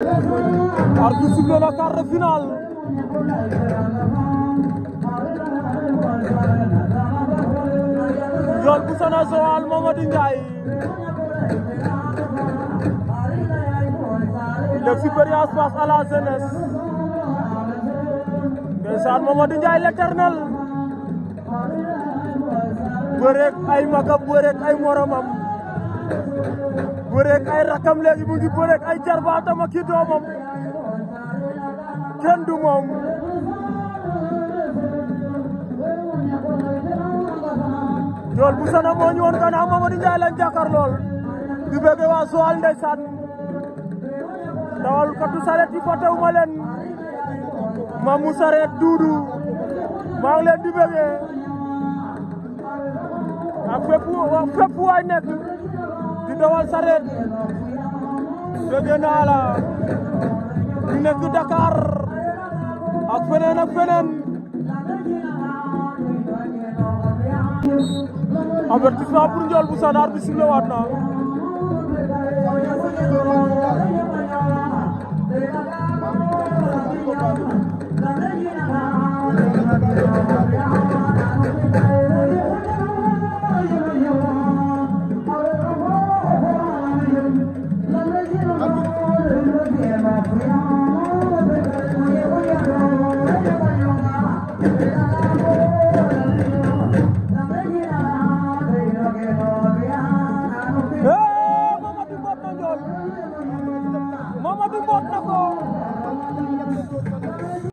arbitre sifflé na quart de finale bu Sana Joal Mamadou Ndiaye l'expérience passe à la jeunesse ndeysaan Mamadou Ndiaye ay magam bëreek bëreeg ay du moom Ndiol bu sana moo ñu woon gannaaw Mamadou Ndiaye lañ jàkkaar lool di bëgg waa Joal ndeysaan dawal katu saret yi fàttewu ma leen Mamou Saret Duudu maa leen di bëggee ak fépp fépp waay nekk di dawal sareet jóge naa la di nekk Dakar ak feneen ak feneen avertissement pour Ndiol bu Sanar bi sifflé waat na na ko